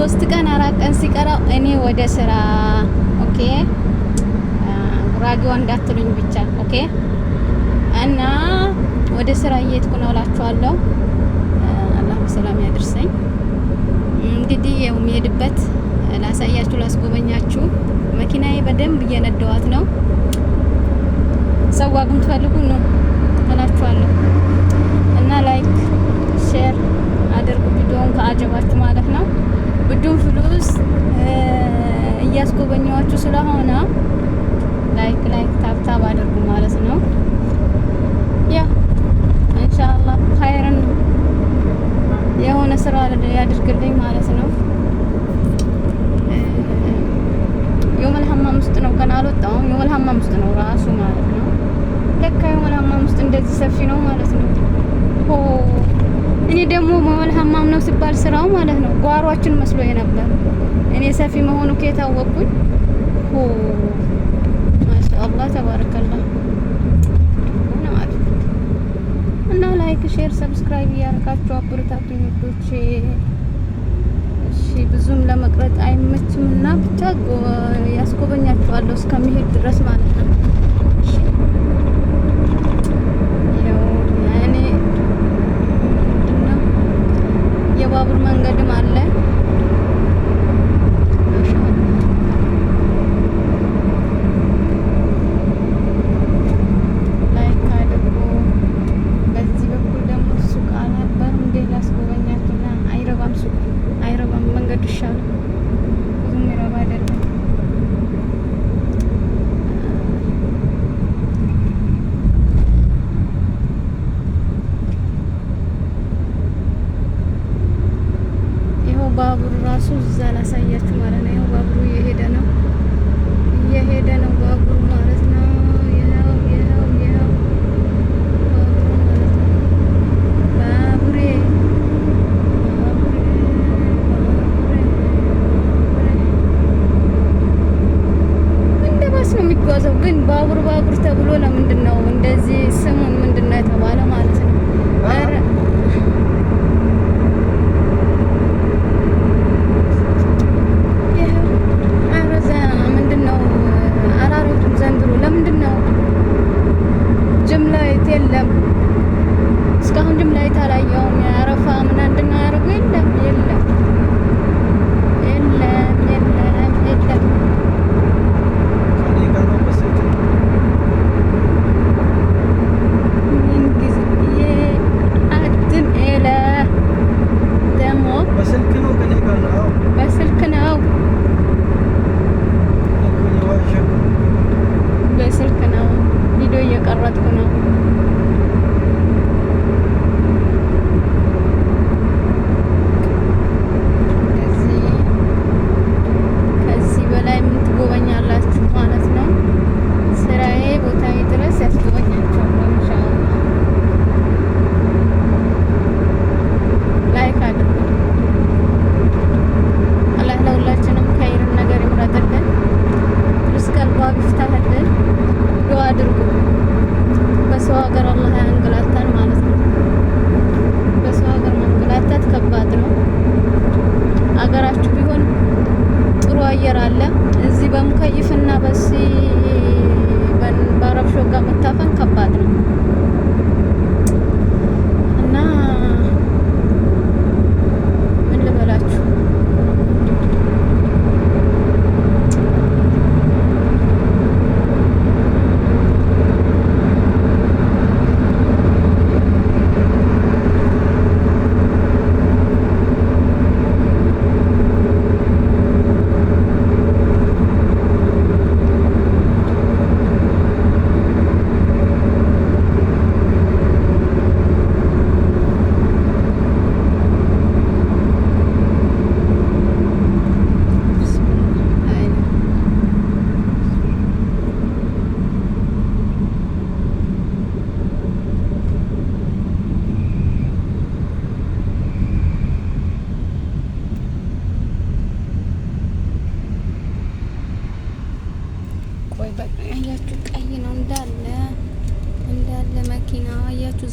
ሶስት ቀን አራት ቀን ሲቀራው እኔ ወደ ስራ ኦኬ፣ ጉራጌዋ እንዳትሉኝ ብቻ ኦኬ። እና ወደ ስራ እየሄድኩ ነው እላችኋለሁ። አላህ በሰላም ያድርሰኝ። እንግዲህ ያው የሚሄድበት ላሳያችሁ፣ ላስጎበኛችሁ። መኪናዬ በደንብ እየነዳዋት ነው። ሰዋጉም ፈልጉ ነው እላችኋለሁ። ነው ሲባል ስራው ማለት ነው ጓሯችን መስሎ የነበር እኔ ሰፊ መሆኑ ሆ ማሻአላህ ተባረከላ እና ላይክ ሼር ሰብስክራይብ እያደረጋችሁ አብረታቱኝ ውዶቼ። እሺ ብዙም ለመቅረጥ አይመችም እና ብቻ ያስጎበኛችኋለሁ እስከሚሄድ ድረስ ማለት ነው። ራሱ እዛ ላሳያችሁ ማለት ነው። ባቡሩ እየሄደ ነው እየሄደ ነው ባቡሩ ማለት ነው። ማለት ነው። የሚጓዘው፣ ግን ባቡር ባቡር ተብሎ ነው አንድም ላይ ታላየውም ያረፋ ምን አንድ ያደርጉ የለም የለም የለም የለም የለም። በስልክ ነው ቪዲዮ እየቀረጥኩ ነው። ይፍና በሲ በረብሾ ጋር መታፈን ከባድ ነው።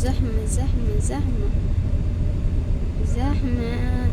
زحمة زحمة زحمة زحمة